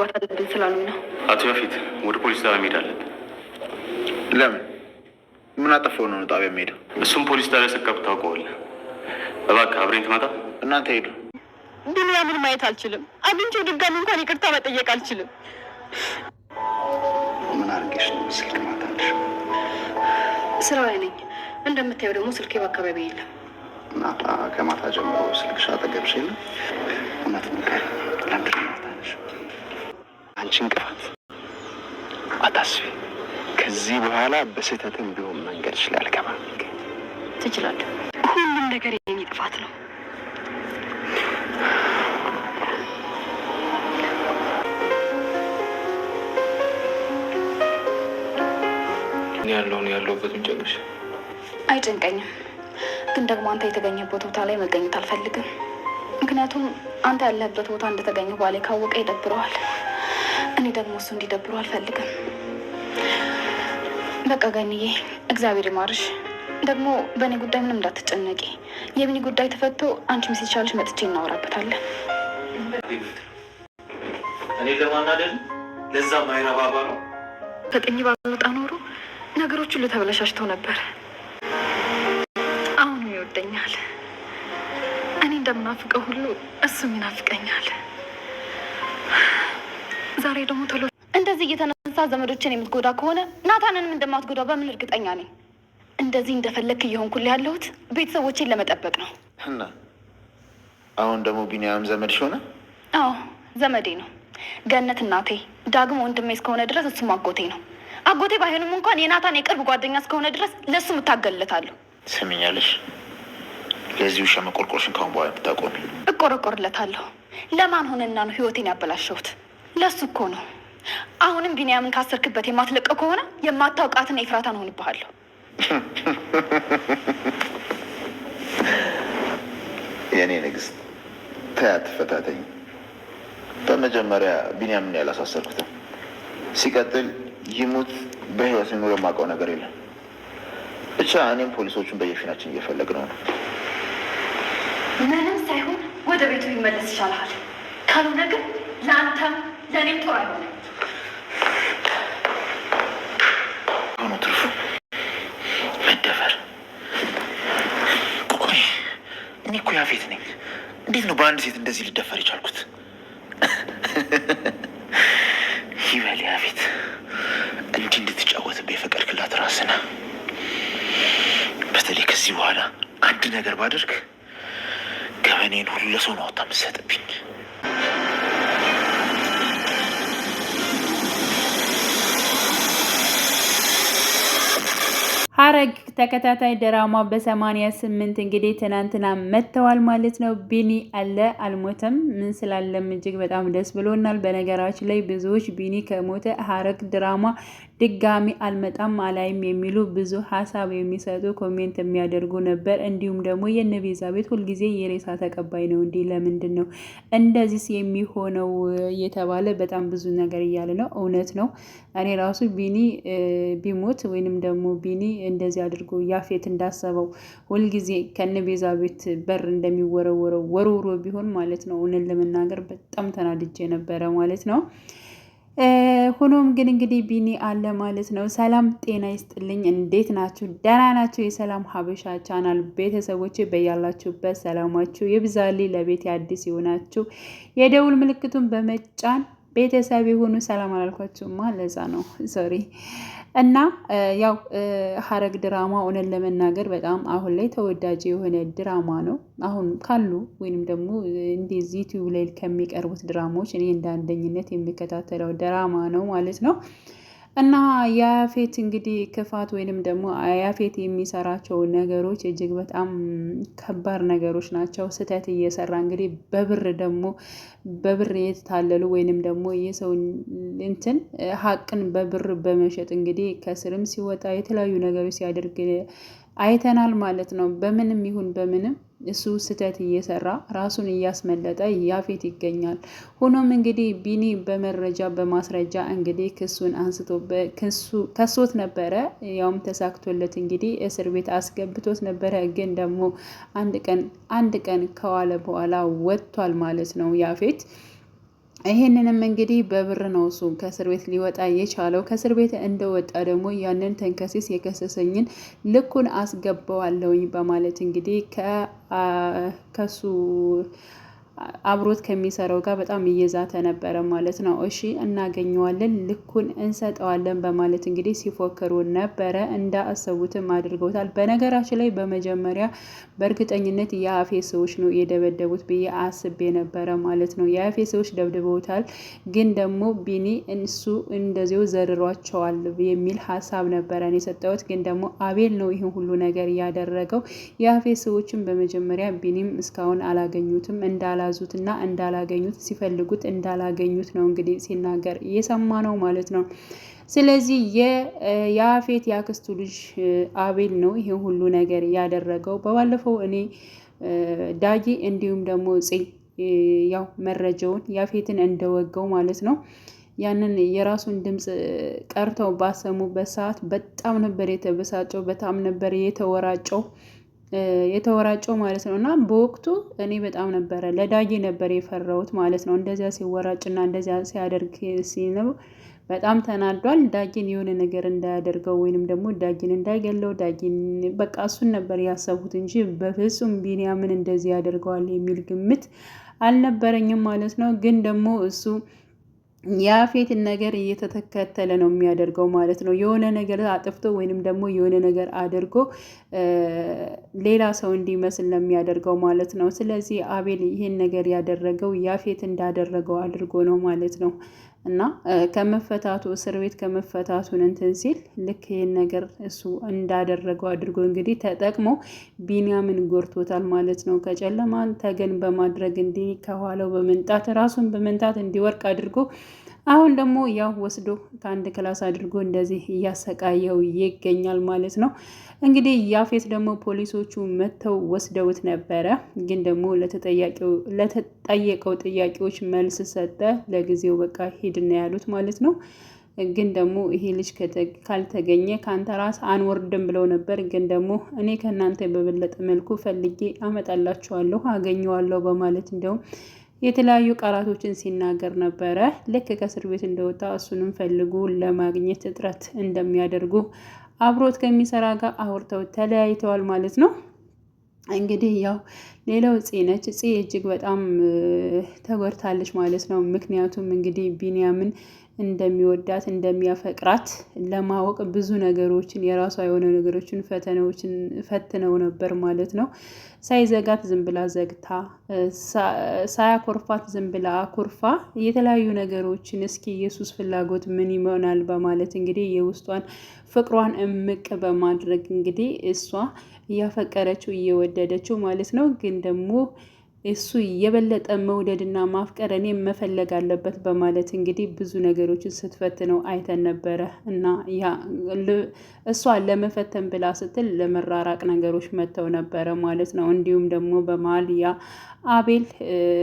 መግባት አለብን ስላሉ ነው። አቶ በፊት ወደ ፖሊስ ጣቢያ መሄድ አለብን። ለምን? ምን አጠፋው ነው ጣቢያ መሄደው እሱም ፖሊስ ጣቢያ ስቀብ ታውቀዋለህ። እባክህ አብሬን ትመጣ። እናንተ ሄዱ። ቢንያምን ማየት አልችልም። አግኝቼው ድጋሚ እንኳን ይቅርታ መጠየቅ አልችልም። ምን አድርጌሽ ነው ስልክ ማታለሽ? ስራ ላይ ነኝ። እንደምታየው ደግሞ ስልኬ በአካባቢ የለም። እናታ ከማታ ጀምሮ ስልክሽ አጠገብሽ የለም። እውነት ምቀር ለምድር ማታለሽ አንቺ እንቅፋት አታስቢ። ከዚህ በኋላ በስህተትም ቢሆን መንገድ ይችላል ገባ ትችላለህ። ሁሉም ነገር የኔ ጥፋት ነው። ያለውን ያለሁበት ጨርሽ አይጨንቀኝም። ግን ደግሞ አንተ የተገኘበት ቦታ ላይ መገኘት አልፈልግም። ምክንያቱም አንተ ያለህበት ቦታ እንደተገኘ ባላይ ካወቀ ይደብረዋል። እኔ ደግሞ እሱ እንዲደብሩ አልፈልግም። በቃ ገንዬ እግዚአብሔር ይማርሽ። ደግሞ በእኔ ጉዳይ ምንም እንዳትጨነቂ። የቢኒ ጉዳይ ተፈቶ አንቺ ምስ መጥቼ እናወራበታለን። እኔ ለማናደድ ለዛ ማይረባባ ነው ከቅኝ ባልወጣ ኖሮ ነገሮች ሁሉ ተበለሻሽተው ነበር። አሁንም ይወደኛል። እኔ እንደምናፍቀው ሁሉ እሱም ይናፍቀኛል። ዛሬ ደግሞ ቶሎ እንደዚህ እየተነሳ ዘመዶችን የምትጎዳ ከሆነ ናታንንም እንደማትጎዳው በምን እርግጠኛ ነኝ? እንደዚህ እንደፈለግክ እየሆንኩል ያለሁት ቤተሰቦችን ለመጠበቅ ነው። እና አሁን ደግሞ ቢኒያም ዘመድሽ ሆነ? አዎ ዘመዴ ነው። ገነት እናቴ፣ ዳግም ወንድሜ እስከሆነ ድረስ እሱም አጎቴ ነው። አጎቴ ባይሆንም እንኳን የናታን የቅርብ ጓደኛ እስከሆነ ድረስ ለእሱ እታገልለታለሁ። ስምኛለሽ፣ ለዚሁ ሸመቆርቆርሽን ካሁን በኋላ ብታቆሚ። እቆረቆርለታለሁ። ለማን ሆነና ነው ህይወቴን ያበላሸሁት? ለሱ እኮ ነው። አሁንም ቢንያምን ካሰርክበት የማትለቀው ከሆነ የማታውቃትና ነው እሆንብሃለሁ። የእኔ ንግስት ተያት ፈታተኝ። በመጀመሪያ ቢንያምን ያላሳሰርኩትም፣ ሲቀጥል ይሙት በህይወት የሚኖር የማውቀው ነገር የለም። ብቻ እኔም ፖሊሶቹን በየፊናችን እየፈለግ ነው ነው ምንም ሳይሆን ወደ ቤቱ ይመለስ ይሻልሃል። ካልሆነ ግን ለአንተም ለእኔም ጥሩ አይሆነ እኔ እኮ ያፌት ነኝ። እንዴት ነው በአንድ ሴት እንደዚህ ልደፈር የቻልኩት? ይበል ያፌት፣ እንዲህ እንድትጫወትብ የፈቀድክላት ራስህ በተለይ ከዚህ በኋላ አንድ ነገር ባደርግ ገበኔን ሁሉ ለሰው ነው አውጥታ ሀረግ ተከታታይ ድራማ በሰማንያ ስምንት እንግዲህ ትናንትና መጥተዋል ማለት ነው። ቢኒ አለ አልሞተም፣ ምን ስላለም እጅግ በጣም ደስ ብሎናል። በነገራችን ላይ ብዙዎች ቢኒ ከሞተ ሐረግ ድራማ ድጋሚ አልመጣም አላይም የሚሉ ብዙ ሀሳብ የሚሰጡ ኮሜንት የሚያደርጉ ነበር። እንዲሁም ደግሞ የነቤዛ ቤዛ ቤት ሁልጊዜ የሬሳ ተቀባይ ነው እንዲህ ለምንድን ነው እንደዚህ የሚሆነው እየተባለ በጣም ብዙ ነገር እያለ ነው። እውነት ነው። እኔ ራሱ ቢኒ ቢሞት ወይንም ደግሞ ቢኒ እንደዚህ አድርጎ አድርጎ ያፌት እንዳሰበው ሁልጊዜ ከነ ቤዛ ቤት በር እንደሚወረወረው ወርውሮ ቢሆን ማለት ነው። እውነት ለመናገር በጣም ተናድጄ ነበረ ማለት ነው። ሆኖም ግን እንግዲህ ቢኒ አለ ማለት ነው። ሰላም ጤና ይስጥልኝ፣ እንዴት ናችሁ? ደህና ናችሁ? የሰላም ሀበሻ ቻናል ቤተሰቦች በያላችሁበት ሰላማችሁ ይብዛል። ለቤት አዲስ የሆናችሁ የደውል ምልክቱን በመጫን ቤተሰብ የሆኑ ሰላም አላልኳችሁማ፣ ለዛ ነው ሶሪ እና ያው ሀረግ ድራማ ሆነን ለመናገር በጣም አሁን ላይ ተወዳጅ የሆነ ድራማ ነው። አሁን ካሉ ወይንም ደግሞ እንደዚህ ዩቲዩብ ላይ ከሚቀርቡት ድራማዎች እኔ እንደ አንደኝነት የሚከታተለው ድራማ ነው ማለት ነው። እና ያፌት እንግዲህ ክፋት ወይንም ደግሞ ያፌት የሚሰራቸው ነገሮች እጅግ በጣም ከባድ ነገሮች ናቸው። ስህተት እየሰራ እንግዲህ በብር ደግሞ በብር የተታለሉ ወይንም ደግሞ የሰው እንትን ሀቅን በብር በመሸጥ እንግዲህ ከስርም ሲወጣ የተለያዩ ነገሮች ሲያደርግ አይተናል ማለት ነው። በምንም ይሁን በምንም እሱ ስህተት እየሰራ ራሱን እያስመለጠ ያፌት ይገኛል። ሆኖም እንግዲህ ቢኒ በመረጃ በማስረጃ እንግዲህ ክሱን አንስቶ ከሶት ነበረ። ያውም ተሳክቶለት እንግዲህ እስር ቤት አስገብቶት ነበረ። ግን ደግሞ አንድ ቀን አንድ ቀን ከዋለ በኋላ ወጥቷል ማለት ነው ያፌት ይሄንንም እንግዲህ በብር ነው እሱ ከእስር ቤት ሊወጣ የቻለው። ከእስር ቤት እንደወጣ ደግሞ ያንን ተንከሲስ የከሰሰኝን ልኩን አስገባዋለሁኝ በማለት እንግዲህ ከሱ አብሮት ከሚሰራው ጋር በጣም እየዛተ ነበረ ማለት ነው። እሺ እናገኘዋለን፣ ልኩን እንሰጠዋለን በማለት እንግዲህ ሲፎክሩ ነበረ። እንዳሰቡትም አድርገውታል። በነገራችን ላይ በመጀመሪያ በእርግጠኝነት የአፌ ሰዎች ነው የደበደቡት ብዬ አስቤ ነበረ ማለት ነው። የአፌ ሰዎች ደብድበውታል፣ ግን ደግሞ ቢኒ እሱ እንደዚው ዘርሯቸዋል የሚል ሀሳብ ነበረ የሰጠሁት። ግን ደግሞ አቤል ነው ይህን ሁሉ ነገር ያደረገው። የአፌ ሰዎችም በመጀመሪያ ቢኒም እስካሁን አላገኙትም እንዳላ እንደያዙት እና እንዳላገኙት ሲፈልጉት እንዳላገኙት ነው እንግዲህ ሲናገር እየሰማ ነው ማለት ነው። ስለዚህ የአፌት የአክስቱ ልጅ አቤል ነው ይሄ ሁሉ ነገር ያደረገው። በባለፈው እኔ ዳጊ እንዲሁም ደግሞ ጽይ ያው መረጃውን ያፌትን እንደወገው ማለት ነው ያንን የራሱን ድምፅ ቀርተው ባሰሙበት ሰዓት በጣም ነበር የተበሳጨው፣ በጣም ነበር የተወራጨው። የተወራጨው ማለት ነው። እና በወቅቱ እኔ በጣም ነበረ ለዳጌ ነበር የፈራሁት ማለት ነው። እንደዚያ ሲወራጭና እንደዚያ ሲያደርግ ሲነው በጣም ተናዷል። ዳጌን የሆነ ነገር እንዳያደርገው ወይንም ደግሞ ዳጌን እንዳይገለው ዳጌን በቃ እሱን ነበር ያሰቡት እንጂ በፍጹም ቢንያምን እንደዚህ ያደርገዋል የሚል ግምት አልነበረኝም ማለት ነው። ግን ደግሞ እሱ ያፌትን ነገር እየተተከተለ ነው የሚያደርገው ማለት ነው። የሆነ ነገር አጥፍቶ ወይንም ደግሞ የሆነ ነገር አድርጎ ሌላ ሰው እንዲመስል ነው የሚያደርገው ማለት ነው። ስለዚህ አቤል ይህን ነገር ያደረገው ያፌት እንዳደረገው አድርጎ ነው ማለት ነው። እና ከመፈታቱ እስር ቤት ከመፈታቱን እንትን ሲል ልክ ይህን ነገር እሱ እንዳደረገው አድርጎ እንግዲህ ተጠቅሞ ቢንያምን ጎርቶታል ማለት ነው። ከጨለማ ተገን በማድረግ እንዲህ ከኋላው በመንጣት ራሱን በመንጣት እንዲወርቅ አድርጎ አሁን ደግሞ ያው ወስዶ ከአንድ ክላስ አድርጎ እንደዚህ እያሰቃየው ይገኛል ማለት ነው። እንግዲህ ያፌት ደግሞ ፖሊሶቹ መጥተው ወስደውት ነበረ፣ ግን ደግሞ ለተጠየቀው ጥያቄዎች መልስ ሰጠ። ለጊዜው በቃ ሂድና ያሉት ማለት ነው። ግን ደግሞ ይሄ ልጅ ካልተገኘ ከአንተ ራስ አንወርድም ብለው ነበር። ግን ደግሞ እኔ ከእናንተ በበለጠ መልኩ ፈልጌ አመጣላችኋለሁ፣ አገኘዋለሁ በማለት እንደውም የተለያዩ ቃላቶችን ሲናገር ነበረ። ልክ ከእስር ቤት እንደወጣ እሱንም ፈልጉ ለማግኘት እጥረት እንደሚያደርጉ አብሮት ከሚሰራ ጋር አውርተው ተለያይተዋል ማለት ነው። እንግዲህ ያው ሌላው ጽ ነች። ጽ እጅግ በጣም ተጎድታለች ማለት ነው። ምክንያቱም እንግዲህ ቢንያምን እንደሚወዳት እንደሚያፈቅራት ለማወቅ ብዙ ነገሮችን የራሷ የሆነ ነገሮችን ፈተናዎችን ፈትነው ነበር ማለት ነው። ሳይዘጋት ዝም ብላ ዘግታ፣ ሳያኮርፋት ዝም ብላ የተለያዩ ነገሮችን እስኪ ኢየሱስ ፍላጎት ምን ይሆናል በማለት እንግዲህ የውስጧን ፍቅሯን እምቅ በማድረግ እንግዲህ እሷ እያፈቀረችው እየወደደችው ማለት ነው ግን ደግሞ እሱ የበለጠ መውደድና ማፍቀር እኔ መፈለግ አለበት በማለት እንግዲህ ብዙ ነገሮችን ስትፈትነው አይተን ነበረ እና ያ እሷ ለመፈተን ብላ ስትል ለመራራቅ ነገሮች መጥተው ነበረ ማለት ነው። እንዲሁም ደግሞ በመሀል ያ አቤል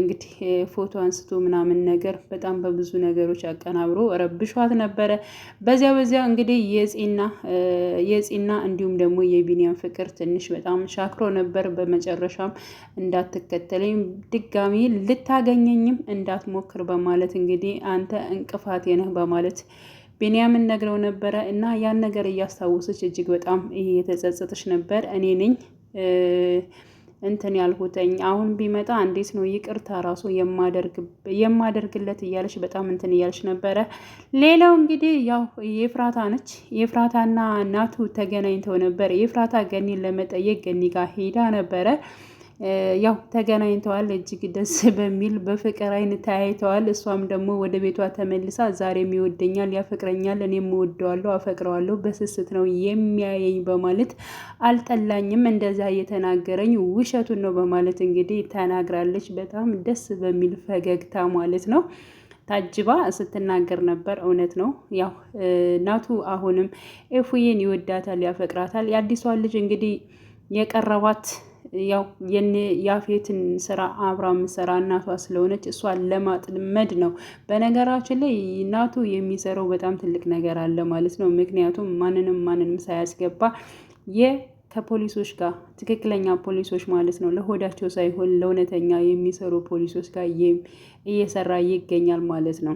እንግዲህ ፎቶ አንስቶ ምናምን ነገር በጣም በብዙ ነገሮች አቀናብሮ ረብሿት ነበረ። በዚያ በዚያ እንግዲህ የጽና እንዲሁም ደግሞ የቢኒያም ፍቅር ትንሽ በጣም ሻክሮ ነበር። በመጨረሻም እንዳትከተለኝ ወይም ድጋሚ ልታገኘኝም እንዳትሞክር በማለት እንግዲህ አንተ እንቅፋቴ ነህ በማለት ቢንያምን ነግረው ነበረ እና ያን ነገር እያስታወሰች እጅግ በጣም እየተጸጸተች ነበር። እኔ ነኝ እንትን ያልኩተኝ አሁን ቢመጣ እንዴት ነው ይቅርታ ራሱ የማደርግለት እያለች በጣም እንትን እያለች ነበረ። ሌላው እንግዲህ ያው የፍራታ ነች። የፍራታና ናቱ ተገናኝተው ነበር። የፍራታ ገኒን ለመጠየቅ ገኒ ጋር ሄዳ ነበረ። ያው ተገናኝተዋል። እጅግ ደስ በሚል በፍቅር አይን ተያይተዋል። እሷም ደግሞ ወደ ቤቷ ተመልሳ ዛሬም ይወደኛል፣ ያፈቅረኛል፣ እኔም እወደዋለሁ፣ አፈቅረዋለሁ፣ በስስት ነው የሚያየኝ በማለት አልጠላኝም፣ እንደዛ እየተናገረኝ ውሸቱን ነው በማለት እንግዲህ ተናግራለች። በጣም ደስ በሚል ፈገግታ ማለት ነው ታጅባ ስትናገር ነበር። እውነት ነው። ያው ናቱ አሁንም ኤፉዬን ይወዳታል፣ ያፈቅራታል። የአዲሷን ልጅ እንግዲህ የቀረባት ያው ያፌትን ስራ አብራ ስራ እናቷ ስለሆነች እሷን ለማጥመድ ነው። በነገራችን ላይ እናቱ የሚሰራው በጣም ትልቅ ነገር አለ ማለት ነው። ምክንያቱም ማንንም ማንንም ሳያስገባ ከፖሊሶች ጋር ትክክለኛ ፖሊሶች ማለት ነው። ለሆዳቸው ሳይሆን ለእውነተኛ የሚሰሩ ፖሊሶች ጋር እየሰራ ይገኛል ማለት ነው።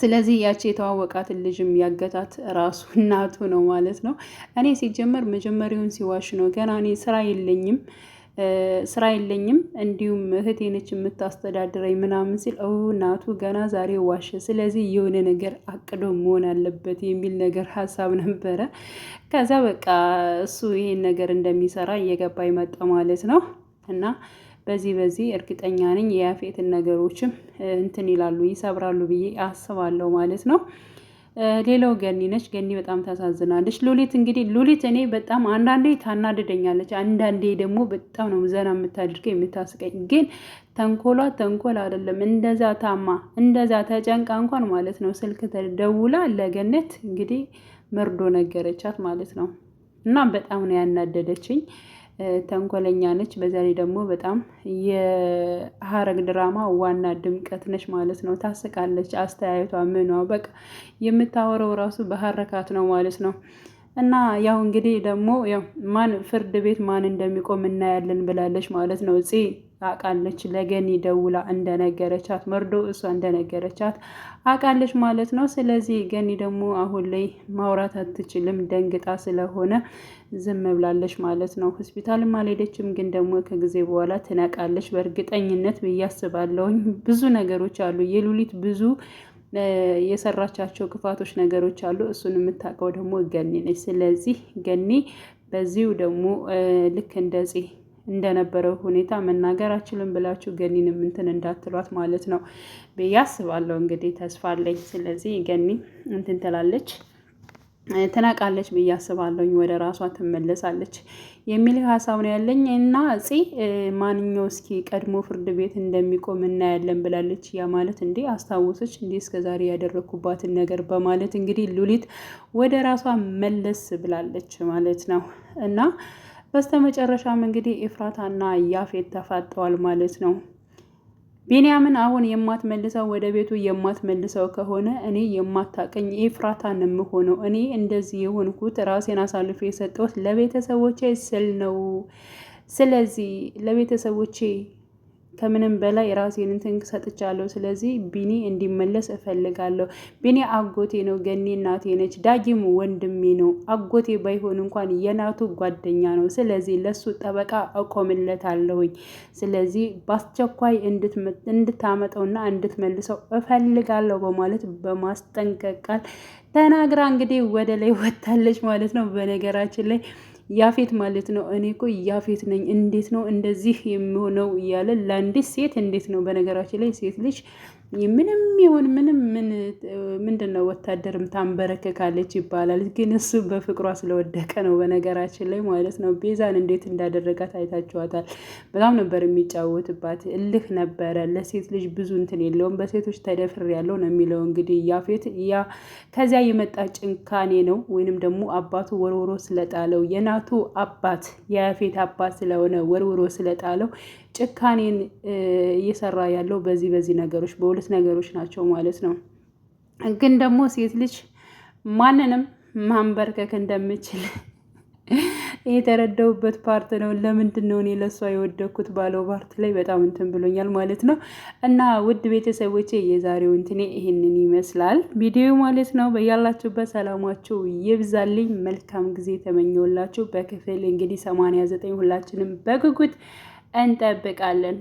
ስለዚህ ያቺ የተዋወቃትን ልጅም ያገታት ራሱ እናቱ ነው ማለት ነው። እኔ ሲጀመር መጀመሪያውን ሲዋሽ ነው ገና እኔ ስራ የለኝም ስራ የለኝም እንዲሁም እህቴ ነች የምታስተዳድረኝ ምናምን ሲል እናቱ ገና ዛሬ ዋሸ። ስለዚህ የሆነ ነገር አቅዶ መሆን አለበት የሚል ነገር ሀሳብ ነበረ። ከዛ በቃ እሱ ይሄን ነገር እንደሚሰራ እየገባ ይመጣ ማለት ነው እና በዚህ በዚህ እርግጠኛ ነኝ የያፌትን ነገሮችም እንትን ይላሉ ይሰብራሉ ብዬ አስባለሁ ማለት ነው። ሌላው ገኒ ነች። ገኒ በጣም ታሳዝናለች። ሉሊት እንግዲህ ሉሊት እኔ በጣም አንዳንዴ ታናድደኛለች፣ አንዳንዴ ደግሞ በጣም ነው ዘና የምታደርገው የምታስቀኝ። ግን ተንኮሏ ተንኮል አይደለም። እንደዛ ታማ እንደዛ ተጨንቃ እንኳን ማለት ነው ስልክ ተደውላ ለገነት እንግዲህ መርዶ ነገረቻት ማለት ነው እና በጣም ነው ያናደደችኝ። ተንኮለኛ ነች። በዛ ላይ ደግሞ በጣም የሀረግ ድራማ ዋና ድምቀት ነች ማለት ነው። ታስቃለች። አስተያየቷ ምኗ በቃ የምታወረው ራሱ በሀረካት ነው ማለት ነው። እና ያው እንግዲህ ደግሞ ማን ፍርድ ቤት ማን እንደሚቆም እናያለን ብላለች ማለት ነው። አውቃለች ለገኒ ደውላ እንደነገረቻት መርዶ እሷ እንደነገረቻት አውቃለች ማለት ነው። ስለዚህ ገኒ ደግሞ አሁን ላይ ማውራት አትችልም ደንግጣ ስለሆነ ዝም ብላለች ማለት ነው። ሆስፒታልም አልሄደችም፣ ግን ደግሞ ከጊዜ በኋላ ትነቃለች በእርግጠኝነት ብዬ አስባለሁኝ። ብዙ ነገሮች አሉ የሉሊት ብዙ የሰራቻቸው ክፋቶች ነገሮች አሉ። እሱን የምታውቀው ደግሞ ገኒ ነች። ስለዚህ ገኒ በዚሁ ደግሞ ልክ እንደዚህ እንደነበረው ሁኔታ መናገር አችልም ብላችሁ ገኒንም እንትን እንዳትሏት ማለት ነው ብዬ አስባለሁ። እንግዲህ ተስፋ አለኝ። ስለዚህ ገኒ እንትን ትላለች ትነቃለች ብዬ አስባለሁኝ። ወደ ራሷ ትመለሳለች የሚል ሀሳብ ነው ያለኝ እና እጽ ማንኛው እስኪ ቀድሞ ፍርድ ቤት እንደሚቆም እናያለን ብላለች። ያ ማለት እንዲህ አስታወሰች እንዲህ እስከዛሬ ያደረግኩባትን ነገር በማለት እንግዲህ ሉሊት ወደ ራሷ መለስ ብላለች ማለት ነው እና በስተመጨረሻም እንግዲህ ኤፍራታና ያፌት ተፋጠዋል ማለት ነው። ቢንያምን አሁን የማትመልሰው ወደ ቤቱ የማትመልሰው ከሆነ እኔ የማታቀኝ ኤፍራታን የምሆነው እኔ እንደዚህ የሆንኩት ራሴን አሳልፎ የሰጠሁት ለቤተሰቦቼ ስል ነው። ስለዚህ ለቤተሰቦቼ ከምንም በላይ ራሴን እንትን ሰጥቻለሁ። ስለዚህ ቢኒ እንዲመለስ እፈልጋለሁ። ቢኒ አጎቴ ነው፣ ገኒ እናቴ ነች፣ ዳጊም ወንድሜ ነው። አጎቴ ባይሆን እንኳን የናቱ ጓደኛ ነው። ስለዚህ ለሱ ጠበቃ እቆምለታለሁኝ። ስለዚህ በአስቸኳይ እንድታመጠውና እንድትመልሰው እፈልጋለሁ በማለት በማስጠንቀቅ ቃል ተናግራ እንግዲህ ወደ ላይ ወታለች ማለት ነው በነገራችን ላይ ያፌት ማለት ነው። እኔ እኮ ያፌት ነኝ፣ እንዴት ነው እንደዚህ የሚሆነው እያለ ለአንዲት ሴት እንዴት ነው በነገራችን ላይ ሴት ልጅ ምንም ይሁን ምንም ምንድን ነው ወታደርም ታንበረከካለች ይባላል። ግን እሱ በፍቅሯ ስለወደቀ ነው በነገራችን ላይ ማለት ነው። ቤዛን እንዴት እንዳደረጋት አይታችኋታል። በጣም ነበር የሚጫወትባት፣ እልህ ነበረ። ለሴት ልጅ ብዙ እንትን የለውም። በሴቶች ተደፍር ያለው ነው የሚለው እንግዲህ ያፌት። ያ ከዚያ የመጣ ጭንካኔ ነው ወይንም ደግሞ አባቱ ወርውሮ ስለጣለው የና የናቱ አባት የያፌት አባት ስለሆነ ወርውሮ ስለጣለው ጭካኔን እየሰራ ያለው በዚህ በዚህ ነገሮች በሁለት ነገሮች ናቸው ማለት ነው። ግን ደግሞ ሴት ልጅ ማንንም ማንበርከክ እንደምችል የተረዳውበት ፓርት ነው። ለምንድን ነው እኔ ለእሷ የወደኩት ባለው ፓርት ላይ በጣም እንትን ብሎኛል ማለት ነው። እና ውድ ቤተሰቦቼ የዛሬው እንትኔ ይህንን ይመስላል ቪዲዮ ማለት ነው። በያላችሁበት ሰላማችሁ ይብዛልኝ። መልካም ጊዜ ተመኘውላችሁ። በክፍል እንግዲህ 89 ሁላችንም በጉጉት እንጠብቃለን።